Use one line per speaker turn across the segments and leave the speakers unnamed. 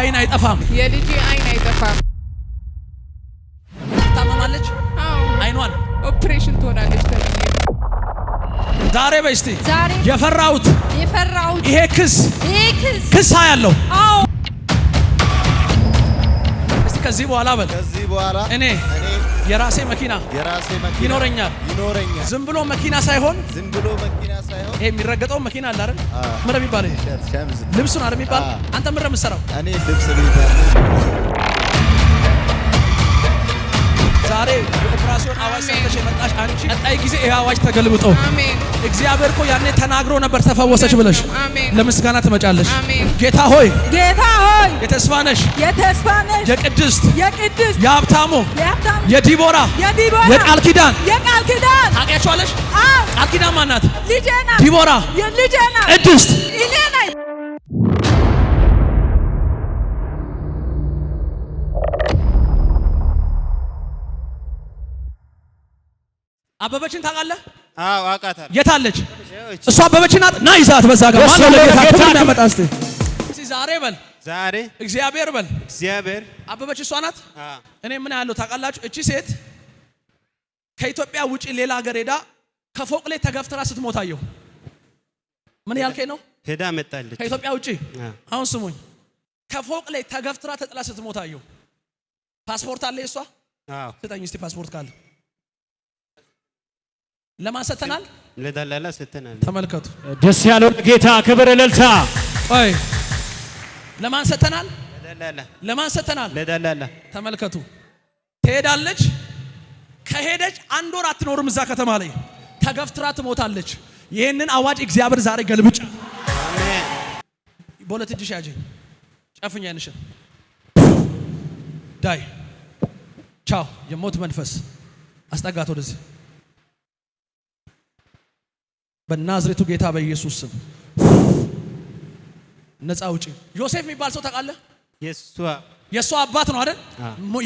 አይን አይጠፋም።
የልጄ አይን አይጠፋም።
ታመማለች። አይኗን
ኦፕሬሽን ትሆናለች።
ዛሬ በስቲ የፈራሁት
የፈራሁት
ይሄ ክስ ክስ ያለው እስቲ ከዚህ በኋላ በል እኔ የራሴ መኪና ይኖረኛል። ዝም ብሎ መኪና ሳይሆን ይሄ የሚረገጠው መኪና አለ አይደል? ምረ የሚባል ልብሱን አይደል የሚባል አንተ ምረ የምትሰራው ዛሬ የኦፕራሲዮን አዋጅ ሰርተሽ የመጣሽ አንቺ ቀጣይ ጊዜ ይህ አዋጅ ተገልብጦ እግዚአብሔር እኮ ያኔ ተናግሮ ነበር ተፈወሰች ብለሽ ለምስጋና ትመጫለሽ። ጌታ ሆይ
ጌታ ሆይ የተስፋ ነሽ የተስፋ ነሽ የቅድስት የቅድስት
የሀብታሙ የዲቦራ የዲቦራ የቃል ኪዳን
የቃል ኪዳን
ታውቂያቸዋለሽ። ቃል ኪዳን ማናት? ዲቦራ ቅድስት አበበችን ታውቃለህ?
አዎ አውቃታለሁ። የታለች አለች
እሷ? አበበችን አጥ ና ይዛት በዛ ጋር ማን ነው ለጌታ ሁሉ ያመጣ እስቲ ዛሬ በል ዛሬ እግዚአብሔር በል እግዚአብሔር አበበች እሷ ናት። እኔ ምን ያለው ታውቃላችሁ? እቺ ሴት ከኢትዮጵያ ውጪ ሌላ ሀገር ሄዳ ከፎቅ ላይ ተገፍትራ አየሁ። ምን ያልከኝ ነው?
ሄዳ መጣለች
ከኢትዮጵያ ውጪ። አሁን ስሙኝ፣ ከፎቅ ላይ ተገፍትራ ተጥላ ስትሞት አየሁ። ፓስፖርት አለ እሷ። አዎ ስጠኝ እስቲ ፓስፖርት ካለ ለማን ሰተናል?
ለዳላላ ሰተናል።
ተመልከቱ።
ደስ ያለው ጌታ ክብር እልልታ።
አይ ለማን ሰተናል? ለማን ሰተናል? ለዳላላ። ተመልከቱ። ትሄዳለች። ከሄደች አንድ ወር አትኖርም እዛ ከተማ ላይ ተገፍትራ ትሞታለች። ይህንን አዋጅ እግዚአብሔር ዛሬ ገልብጫ። አሜን። በሁለት እጅሽ ያጅኝ፣ ጨፍኝ አይንሽን። ዳይ ቻው። የሞት መንፈስ አስጠጋት ወደዚህ በናዝሬቱ ጌታ በኢየሱስ ስም ነፃ ውጪ። ዮሴፍ የሚባል ሰው ታውቃለህ? የእሷ አባት ነው አይደል?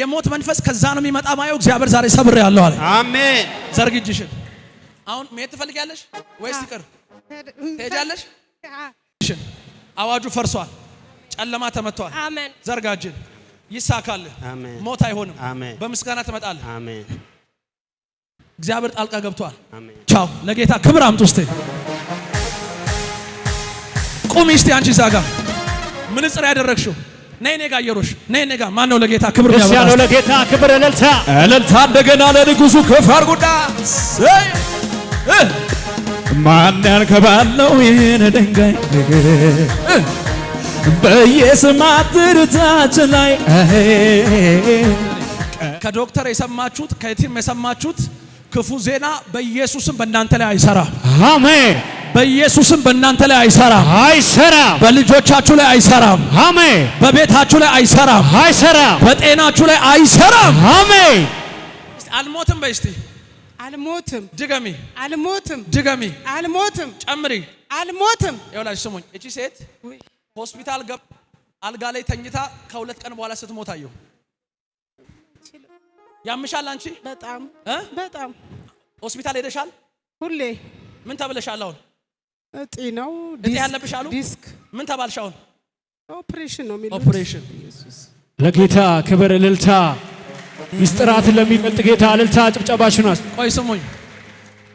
የሞት መንፈስ ከዛ ነው የሚመጣ። ማየው እግዚአብሔር ዛሬ ሰብር ያለው አለ። አሜን። ዘርግጅሽን አሁን መሄድ ትፈልጊያለሽ ወይስ ይቅር ትሄጃለሽ? አዋጁ ፈርሷል። ጨለማ ተመቷል። ዘርጋጅን ይሳካል። ሞት አይሆንም። በምስጋና ትመጣለህ። እግዚአብሔር ጣልቃ ገብቷል። ቻው ለጌታ ክብር አምጡ። እስቲ ቁሚ እስቲ አንቺ እዛ ጋር ምንጽር ያደረግሽው ነይ እኔ ጋር አየሮሽ ነይ እኔ ጋር ማን ነው ለጌታ ክብር
ያወጣ? ያለው ለጌታ ክብር እልልታ እልልታ እንደገና ለንጉሱ ከፍ አርጉዳ ማን ያንከባለው ይህን ድንጋይ በየስማት ርታች ላይ
ከዶክተር የሰማችሁት ከቲም የሰማችሁት ክፉ ዜና በኢየሱስም በእናንተ ላይ አይሰራም። አሜን። በኢየሱስም በእናንተ ላይ አይሰራም፣
አይሰራም።
በልጆቻችሁ ላይ አይሰራም፣ አሜን። በቤታችሁ ላይ አይሰራም፣ አይሰራ። በጤናችሁ ላይ አይሰራም፣ አሜን። አልሞትም በይ እስቲ። አልሞትም። ድገሚ። አልሞትም። ድገሚ። አልሞትም። ጨምሪ። አልሞትም። ይኸውላችሁ ስሙኝ፣ እቺ ሴት ሆስፒታል አልጋ ላይ ተኝታ ከሁለት ቀን በኋላ ስትሞት አየሁ። ያምሻል? አንቺ
በጣም በጣም
ሆስፒታል ሄደሻል? ሁሌ ምን ተብለሻል? አሁን እጢ ነው እጢ ያለብሽ አሉ። ዲስክ ምን ተባልሽ? አሁን ኦፕሬሽን ነው የሚሉት። ኦፕሬሽን
ለጌታ ክብር እልልታ፣ ምስጢራትን ለሚገልጥ ጌታ እልልታ፣ ጭብጨባችሁ ናት።
ቆይ ስሙኝ፣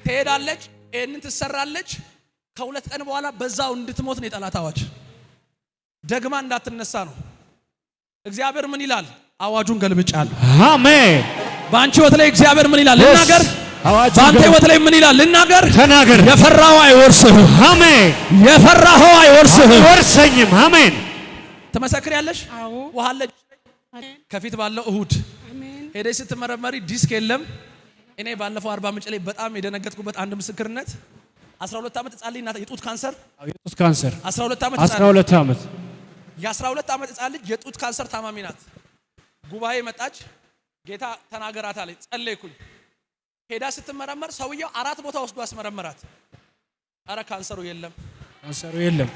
ትሄዳለች፣ ይህንን ትሰራለች። ከሁለት ቀን በኋላ በዛው እንድትሞት ነው የጠላት አዋጅ። ደግማ እንዳትነሳ ነው። እግዚአብሔር ምን ይላል? አዋጁን ገልብጫለሁ። አሜን። በአንቺ ህይወት ላይ እግዚአብሔር ምን ይላል ልናገር? በአንተ ህይወት ላይ ምን ይላል ልናገር?
ተናገር። የፈራው አይወርስህም። አሜን። የፈራኸው አይወርስህም። አይወርሰኝም። አሜን።
ትመሰክሪያለሽ? አዎ። ውሃ አለ ከፊት ባለው እሁድ ሄደሽ ስትመረመሪ ዲስክ የለም። እኔ ባለፈው አርባ ምንጭ ላይ በጣም የደነገጥኩበት አንድ ምስክርነት 12 ዓመት ህጻን ልጅ የጡት ካንሰር
የጡት ካንሰር 12 ዓመት የአስራ
ሁለት ዓመት ህጻን ልጅ የጡት ካንሰር ታማሚ ናት። ጉባኤ መጣች። ጌታ ተናገራት አለ። ጸለይኩኝ። ሄዳ ስትመረመር ሰውየው አራት ቦታ ወስዶ አስመረመራት። አረ ካንሰሩ የለም፣
ካንሰሩ የለም።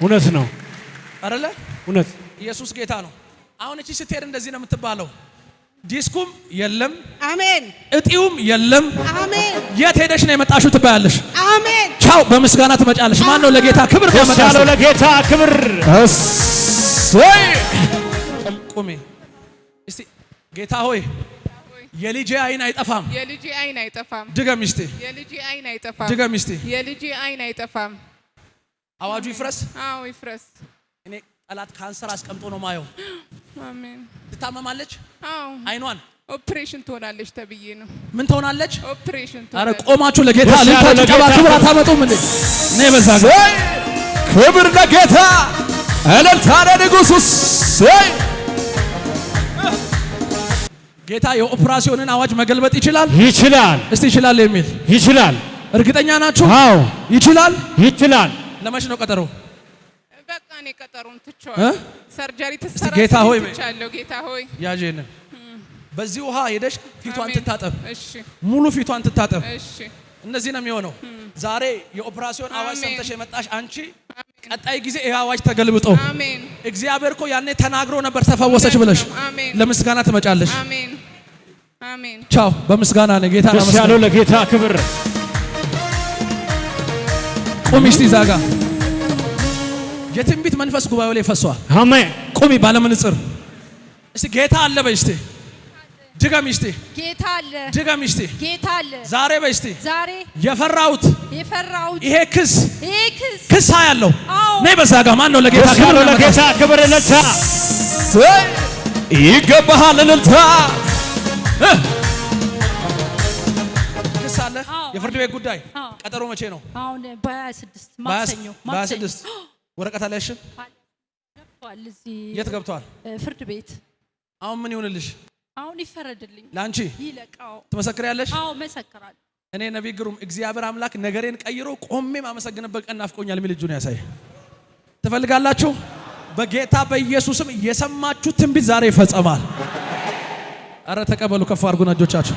እውነት ነው አረለ እውነት።
ኢየሱስ ጌታ ነው። አሁን እቺ ስትሄድ እንደዚህ ነው የምትባለው። ዲስኩም የለም፣ አሜን። እጢውም የለም፣ አሜን። የት ሄደሽ ነው የመጣሽው ትባያለሽ። አሜን። ቻው። በምስጋና ትመጫለሽ። ማን ነው ለጌታ ክብር?
ለጌታ ክብር
ቁሜ ጌታ ሆይ የልጄ አይን አይጠፋም።
የልጄ አይን አይጠፋም። ድገም እስቲ። የልጄ አይን አይጠፋም። ድገም እስቲ። የልጄ አይን አይጠፋም። አዋጁ ይፍረስ። አዎ ይፍረስ።
እኔ ጠላት ካንሰር አስቀምጦ ነው ማየው። አሜን። ትታመማለች። አዎ አይኗን
ኦፕሬሽን ትሆናለች ተብዬ ነው። ምን ትሆናለች? ኦፕሬሽን
ትሆናለች። አረ ቆማችሁ ለጌታ ልታጨባ ክብር አታመጡም እንዴ?
እኔ በዛ ክብር ለጌታ እልልታ ለንጉሱስ
ጌታ የኦፕራሲዮንን አዋጅ መገልበጥ ይችላል ይችላል። እስቲ ይችላል የሚል ይችላል። እርግጠኛ ናችሁ? አዎ ይችላል ይችላል። ለመች ነው ቀጠሮ?
በቃ እኔ ቀጠሮን ትቼዋለሁ። ሰርጀሪ
ትሰራ። ጌታ ሆይ ጌታ ሆይ ያጄነ በዚህ ውሃ ሄደሽ ፊቷን ትታጠብ። ሙሉ ፊቷን ትታጠብ። እነዚህ ነው የሚሆነው። hmm. ዛሬ የኦፕራሲዮን አዋጅ ሰምተሽ የመጣሽ አንቺ ቀጣይ ጊዜ ይህ አዋጅ ተገልብጦ እግዚአብሔር እኮ ያኔ ተናግሮ ነበር ተፈወሰች ብለሽ ለምስጋና ትመጫለሽ። ቻው በምስጋና ነው ጌታ
ያለው ለጌታ ክብር።
ቁሚ እስቲ እዛ ጋ የትንቢት መንፈስ ጉባኤው ላይ ፈሷል። አሜን። ቁሚ ባለምንጽር እስቲ ጌታ አለ በይ እስቲ ድገም እስቲ ጌታ አለ። ድገም እስቲ ጌታ አለ። ዛሬ በይ እስቲ ዛሬ የፈራሁት
የፈራሁት ይሄ ክስ ይሄ ክስ
ክስ ያለው ነይ በዛ ጋር ማን ነው? ለጌታ ክብር
ለጌታ ክብር ለታ ይገባሃል እልልታ
ክስ አለ። የፍርድ ቤት ጉዳይ ቀጠሮ መቼ ነው?
አሁን በ26 ማክሰኞ
በ26 ወረቀት አለ። እሺ የት ገብቷል? ፍርድ ቤት አሁን ምን ይሁንልሽ?
አሁን ይፈረድልኝ። ላንቺ ይለቃው ትመሰክሪያለሽ? አዎ መሰክራለሁ።
እኔ ነቢይ ግሩም እግዚአብሔር አምላክ ነገሬን ቀይሮ ቆሜ ማመሰግንበት ቀን ናፍቆኛል የሚል እጁን ያሳይ። ትፈልጋላችሁ? በጌታ በኢየሱስም የሰማችሁ ትንቢት ዛሬ ይፈጸማል። አረ ተቀበሉ፣ ከፍ አድርጉና እጆቻችሁ።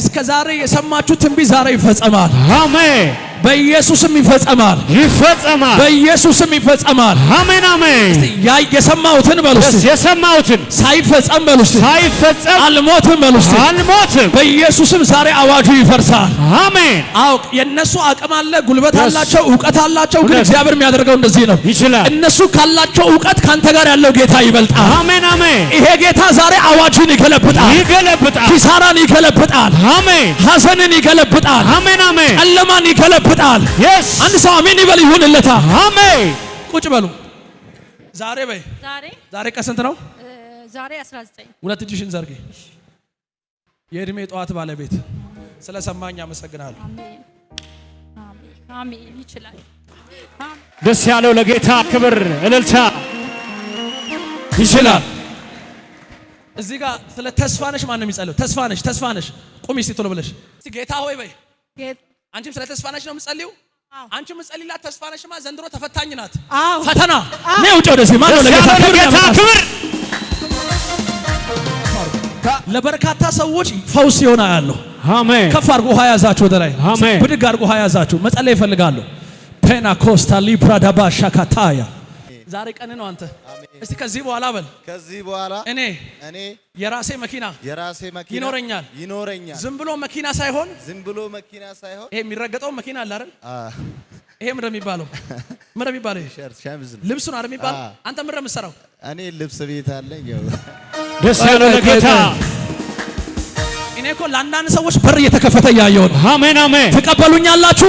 እስከ ዛሬ የሰማችሁ ትንቢት ዛሬ ይፈጸማል።
አሜን።
በኢየሱስም ይፈጸማል፣
ይፈጸማል፣
በኢየሱስም ይፈጸማል።
አሜን አሜን።
ያ የሰማሁትን በሉ
የሰማሁትን
ሳይፈጸም በሉ
ሳይፈጸም
አልሞትም በሉ
አልሞትም።
በኢየሱስም ዛሬ አዋጁ ይፈርሳል። አሜን። አው የነሱ አቅም አለ፣ ጉልበት አላቸው፣ እውቀት አላቸው። ግን እግዚአብሔር የሚያደርገው እንደዚህ ነው፣ ይችላል። እነሱ ካላቸው እውቀት ካንተ ጋር ያለው ጌታ ይበልጣል።
አሜን አሜን።
ይሄ ጌታ ዛሬ አዋጁን ይገለብጣል፣
ይገለብጣል፣
ኪሳራን ይገለብጣል። አሜን። ሐዘንን ይገለብጣል። አሜን አሜን። ጨለማን ይገለብጣል ይወጣል። አንድ ሰው አሜን ይበል። ይሁንለታ። አሜን። ቁጭ በሉ። ዛሬ በይ ዛሬ ቀን ስንት ነው?
ዛሬ 19
ሁለት እጅሽን ዘርጊ። የእድሜ ጠዋት ባለቤት ስለሰማኝ አመሰግናለሁ።
አሜን። ይችላል።
ደስ ያለው ለጌታ ክብር እልልታ። ይችላል።
እዚህ ጋር ስለ ተስፋ ነሽ ማን ነው የሚጸልየው? ተስፋ ነሽ፣ ተስፋ ነሽ። ቁሚ ቶሎ ብለሽ ጌታ ሆይ በይ አንቺም ስለ ተስፋ ነሽ ነው የምጸልዩ። አንቺ የምጸልይላት ተስፋ ነሽማ ዘንድሮ ተፈታኝ ናት። ፈተና ነው ውጭ ወደዚህ ነው ለጌታ ክብር ክብር ለበርካታ ሰዎች ፈውስ ይሆና ያለው አሜን። ከፍ አድርጎ ውሃ ያዛችሁ፣ ወደ ላይ ብድግ አድርጎ ውሃ ያዛችሁ። መጸለይ ይፈልጋለሁ። ፔና ኮስታ ሊብራዳባ ሻካታያ ዛሬ ቀን ነው አንተ። እስቲ ከዚህ በኋላ በል፣
ከዚህ በኋላ እኔ እኔ
የራሴ መኪና
የራሴ መኪና ይኖረኛል ይኖረኛል።
ዝም ብሎ መኪና ሳይሆን
ዝም ብሎ መኪና ሳይሆን
ይሄ የሚረገጠው መኪና አለ አይደል? ይሄ ምንድን ነው የሚባለው? ምንድን ነው የሚባለው? ልብሱ ነው አይደል የሚባለው? አንተ ምንድን ነው የምትሰራው?
እኔ ልብስ ቤት አለኝ።
ደስ ያለ ጌታ
እኔ እኮ ለአንዳንድ ሰዎች በር እየተከፈተ እያየሁ ነው። አሜን አሜን። ትቀበሉኛላችሁ።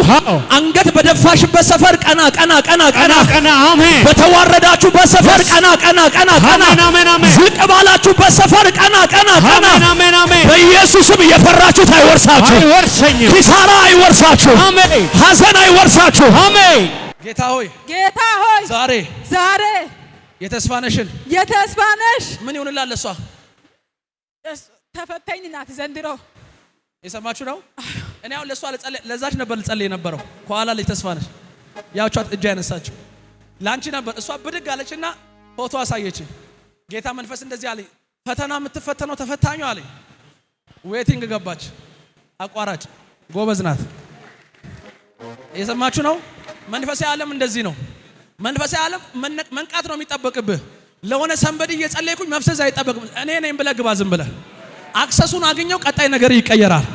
አንገት በደፋሽበት ሰፈር ቀና ቀና ቀና ቀና
ቀና። አሜን።
በተዋረዳችሁበት ሰፈር ቀና ቀና ቀና
ቀና። አሜን አሜን።
ዝቅ ባላችሁበት ሰፈር ቀና ቀና
ቀና። አሜን አሜን።
በኢየሱስም የፈራችሁት አይወርሳችሁ፣
አይወርሰኝም።
ኪሳራ አይወርሳችሁ። አሜን። ሐዘን አይወርሳችሁ። አሜን። ጌታ ሆይ
ጌታ ሆይ ዛሬ ዛሬ
የተስፋነሽን
የተስፋነሽ ምን ይሁንላል እሷ ተፈታኝ ናት ዘንድሮ።
የሰማችሁ ነው። እኔ አሁን ለእሷ ለዛች ነበር ልጸልይ የነበረው። ከኋላ ልጅ ተስፋ ነች ያውቿት እጅ ያነሳችው ለአንቺ ነበር። እሷ ብድግ አለችና ፎቶ አሳየች። ጌታ መንፈስ እንደዚህ አለኝ፣ ፈተና የምትፈተነው ተፈታኙ አለኝ። ዌቲንግ ገባች። አቋራጭ ጎበዝ ናት። የሰማችሁ ነው። መንፈሳዊ ዓለም እንደዚህ ነው። መንፈሳዊ ዓለም መንቃት ነው የሚጠበቅብህ። ለሆነ ሰንበድ እየጸለይኩኝ መፍሰዝ አይጠበቅም። እኔ ነኝ ብለህ ግባ ዝም ብለህ አክሰሱን አገኘው። ቀጣይ ነገር ይቀየራል።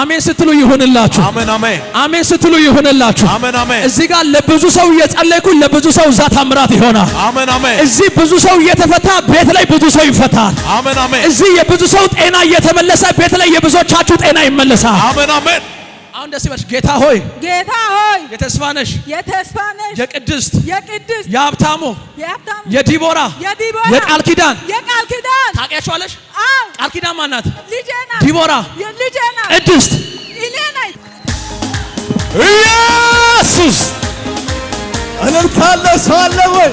አሜን ስትሉ ይሁንላችሁ። አሜን አሜን አሜን ስትሉ ይሁንላችሁ። አሜን አሜን። እዚህ ጋር ለብዙ ሰው እየጸለይኩ ለብዙ ሰው እዛ ታምራት ይሆናል። አሜን አሜን። እዚህ ብዙ ሰው እየተፈታ ቤት ላይ ብዙ ሰው ይፈታል። አሜን አሜን። እዚህ የብዙ ሰው ጤና እየተመለሰ ቤት ላይ የብዙዎቻችሁ ጤና ይመለሳል። አሜን አሜን። አሁን ደስ ይበልሽ ጌታ ሆይ
ጌታ ሆይ የተስፋ ነሽ የተስፋ ነሽ የቅድስት የቅድስት የሀብታሙ የሀብታሙ የዲቦራ የዲቦራ
የቃል ኪዳን
የቃል ኪዳን ታውቂያቸዋለሽ? አዎ
ቃል ኪዳን ማናት? ልጄ ናት። ዲቦራ ልጄ ናት። ቅድስት
እኔ ነኝ።
ኢየሱስ እልልታለሁ። ሰው አለ ወይ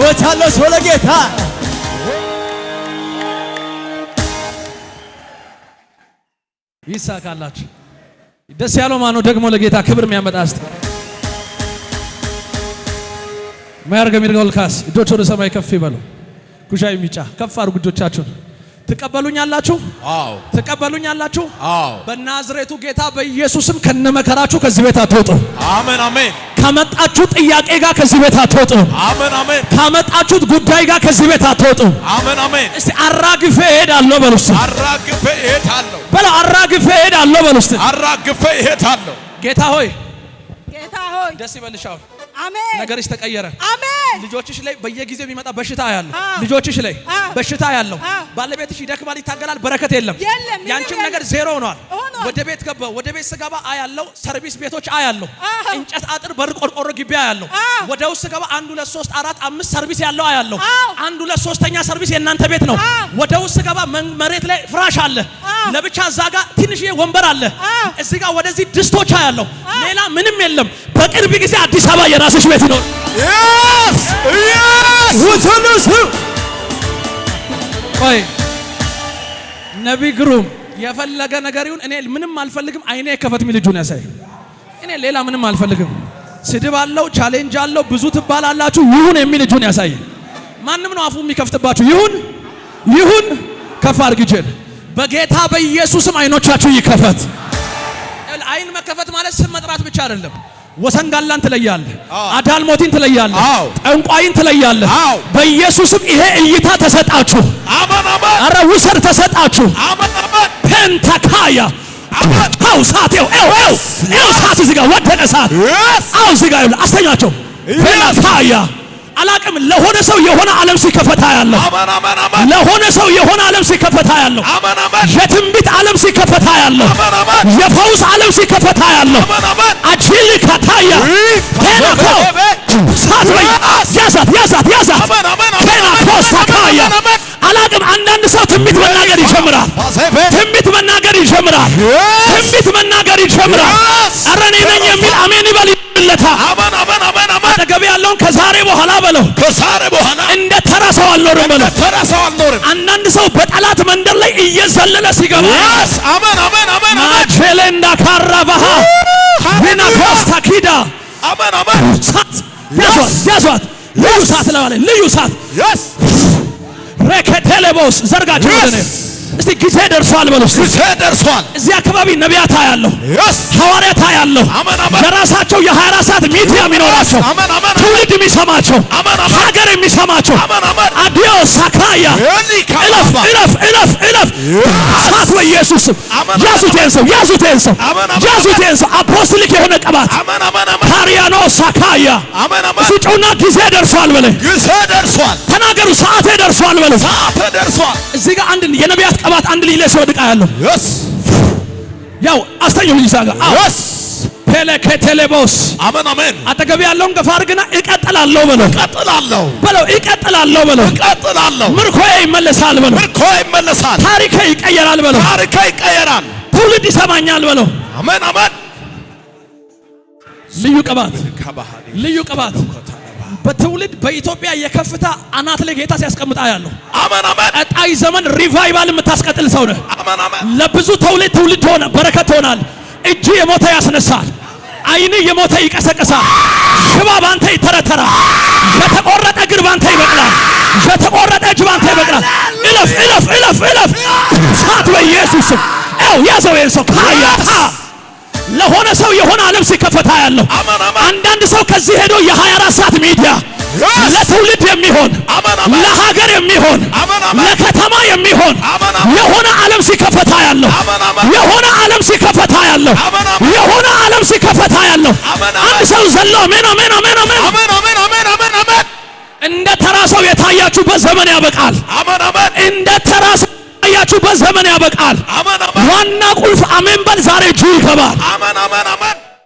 እወታለሁ። ሰው ለጌታ
ይሳካላችሁ። ደስ ያለው ማነው ደግሞ ለጌታ ክብር የሚያመጣ እስቲ ማያርገም ይርገውል ካስ እጆች ወደ ሰማይ ከፍ ይበሉ። ጉሻይ ሚጫ ከፍ አድርጉ እጆቻችሁን። ትቀበሉኛላችሁ? አዎ ትቀበሉኛላችሁ? አዎ። በናዝሬቱ ጌታ በኢየሱስም ከነመከራችሁ ከዚህ ቤት አትወጡ። አሜን አሜን። ከመጣችሁ ጥያቄ ጋር ከዚህ ቤት አትወጡ። አሜን አሜን። ካመጣችሁት ጉዳይ ጋር ከዚህ ቤት አትወጡ። አሜን አሜን። እስቲ አራግፌ እሄዳለሁ በሉ። እስቲ
አራግፌ እሄዳለሁ
በሉ። አራግፌ እሄዳለሁ በሉ። እስቲ
አራግፌ እሄዳለሁ።
ጌታ ሆይ ጌታ ሆይ ደስ ይበልሻው። ነገርሽ ተቀየረ። ልጆችሽ ላይ በየጊዜው የሚመጣ በሽታ ያለው ልጆችሽ ላይ በሽታ ያለው ባለቤትሽ ይደክማል፣ ይታገላል፣ በረከት የለም። ያንቺም ነገር ዜሮ ሆኗል። ወደ ቤት ገባ ወደ ቤት ስገባ አያለው ሰርቪስ ቤቶች አያለው እንጨት አጥር በር ቆርቆሮ ግቢ አያለው ወደ ውስጥ ስገባ አንድ ሁለት ሶስት አራት አምስት ሰርቪስ ያለው አያለው። አንድ ሁለት ሰርቪስ የእናንተ ቤት ነው። ወደ ውስጥ ስገባ መሬት ላይ ፍራሽ አለ ለብቻ እዛ ጋር ትንሽዬ ወንበር አለ እዚህ ጋር ወደዚህ ድስቶች አያለው ሌላ ምንም የለም። በቅርብ ጊዜ አዲስ አበባ በራስሽ ቤት ይኖር። ቆይ ነቢይ ግሩም የፈለገ ነገር ይሁን፣ እኔ ምንም አልፈልግም። አይኔ ከፈት ሚል እጁን ያሳይ። እኔ ሌላ ምንም አልፈልግም። ስድብ አለው፣ ቻሌንጅ አለው፣ ብዙ ትባላላችሁ፣ ይሁን የሚል እጁን ያሳይ። ማንም ነው አፉ የሚከፍትባችሁ። ይሁን ይሁን፣ ከፍ አድርግ በጌታ በኢየሱስም አይኖቻችሁ ይከፈት። አይን መከፈት ማለት ስም መጥራት ብቻ አይደለም። ወሰንጋላን ትለያለ፣ አዳልሞቲን ትለያለ፣ ጠንቋይን ትለያለ። በኢየሱስም ይሄ እይታ ተሰጣችሁ። አረ ውሰድ ተሰጣችሁ። ፔንታካያ አው ሳቴው ው ው ሳት እዚህ ጋር ወደቀ። ሳት አው ዝጋ ጋር አስተኛቸው ፔንታካያ አላቅም ለሆነ ሰው የሆነ ዓለም ሲከፈታ ያለው ለሆነ ሰው የሆነ ዓለም ሲከፈታ ያለው የትንቢት ዓለም ሲከፈታ ያለው የፈውስ ዓለም ሲከፈታ ያለው አጂል ከታያ ተናኮ ሳት በይ ያዛት ያዛት ያዛት ተናኮ ሳታያ አላቅም አንዳንድ ሰው ትንቢት መናገር ይጀምራል። ትንቢት መናገር ይጀምራል። ትንቢት መናገር ይጀምራል። ኧረ ነኝ የሚል አሜን ይበል ይለታ አጠገብ ያለውን ከዛሬ በኋላ በለው፣
ከዛሬ በኋላ
እንደ ተራ ሰው አልኖርም በለው፣
ተራ ሰው አልኖርም።
አንዳንድ ሰው በጠላት መንደር ላይ እየዘለለ ሲገባ
ያስ አመን አመን አመን
አሜን ቸለንዳ ካራባሃ ቢና ኮስታ ኪዳ አመን አሜን። ያዟት፣ ያዟት፣ ልዩ ሰዓት ለማለት ልዩ ሰዓት ያስ ረከቴሌቦስ ዘርጋችሁ ወደ እኔ እስቲ ጊዜ ደርሷል በሉ።
ጊዜ ደርሷል።
እዚህ አካባቢ ነቢያት ያለሁ ሐዋርያት ያለሁ የራሳቸው የ24 ሰዓት ሚዲያ የሚኖራቸው ትውልድ የሚሰማቸው ሀገር የሚሰማቸው አዲዮ ሳካያ
እለፍ
እለፍ እለፍ እለፍ ሳት በኢየሱስ ስም ሰው ያዙት ሰው ያዙት ሰው አፖስቶሊክ የሆነ ቅባት ታሪያኖ ሳካያ እሱ ጊዜ ደርሷል በለ
ጊዜ ደርሷል
ተናገሩ ሰዓቴ ደርሷል በለ
ሰዓቴ ደርሷል እዚህ ጋር አንድ የነቢያት ጠባት አንድ ልጅ ላይ ስወድቃ ያለው ያው አስተኛሁ ልጅ ሳጋ አዎስ ቴሌከቴሌቦስ አሜን አሜን። አጠገብ ያለውን ገፋ አድርግና እቀጥላለሁ በለው እቀጥላለሁ በለው እቀጥላለሁ በለው እቀጥላለሁ። ምርኮዬ ይመለሳል በለው ምርኮዬ ይመለሳል። ታሪኬ ይቀየራል በለው ታሪኬ ይቀየራል። ትውልድ ይሰማኛል በለው ልዩ ቅባት ልዩ ቅባት በትውልድ በኢትዮጵያ የከፍታ አናት ላይ ጌታ ሲያስቀምጣ ያለው አሜን አሜን። ቀጣይ ዘመን ሪቫይቫል የምታስቀጥል ሰው ነህ። ለብዙ ትውልድ ትውልድ ሆነ በረከት ሆናል። እጁ የሞተ ያስነሳል። አይን የሞተ ይቀሰቀሳል። ሽባ ባንተ ይተረተራል። የተቆረጠ እግር ባንተ ይበቅላል። የተቆረጠ እጅ ባንተ ይበቅላል። እለፍ እለፍ እለፍ እለፍ ሳት በኢየሱስ አው ያዘው ሰው ካያ ለሆነ ሰው የሆነ ዓለም ሲከፈታ ያለው አንዳንድ ሰው ከዚህ ሄዶ የ24 ለትውልድ የሚሆን ለሀገር የሚሆን ለከተማ የሚሆን የሆነ ዓለም ሲከፈታ ያለው የሆነ ዓለም ሲከፈታ ያለው የሆነ ዓለም ሲከፈታ ያለው አንድ ሰው ዘሎ አሜን አሜን አሜን አሜን እንደ ተራ ሰው የታያችሁበት ዘመን ያበቃል። እንደ ተራ ሰው የታያችሁበት ዘመን ያበቃል። ዋና ቁልፍ አሜን በል ዛሬ እጁ ይገባል።